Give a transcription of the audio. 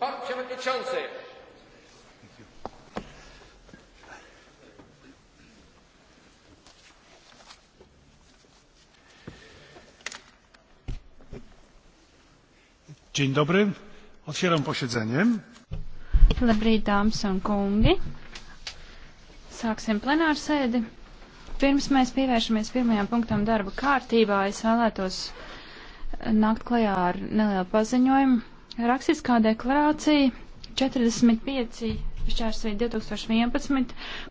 Pan Przewodniczący! Dzień dobry. Otwieram posiedzenie. Labrīt, dāmas un kungi. Sāksim plenārsēdi. Pirms mēs pievēršamies pirmajām punktām darba kārtībā, es vēlētos nākt klajā ar nelielu paziņojumu. Rakstiskā deklarācija 45 šķērsvīt 2011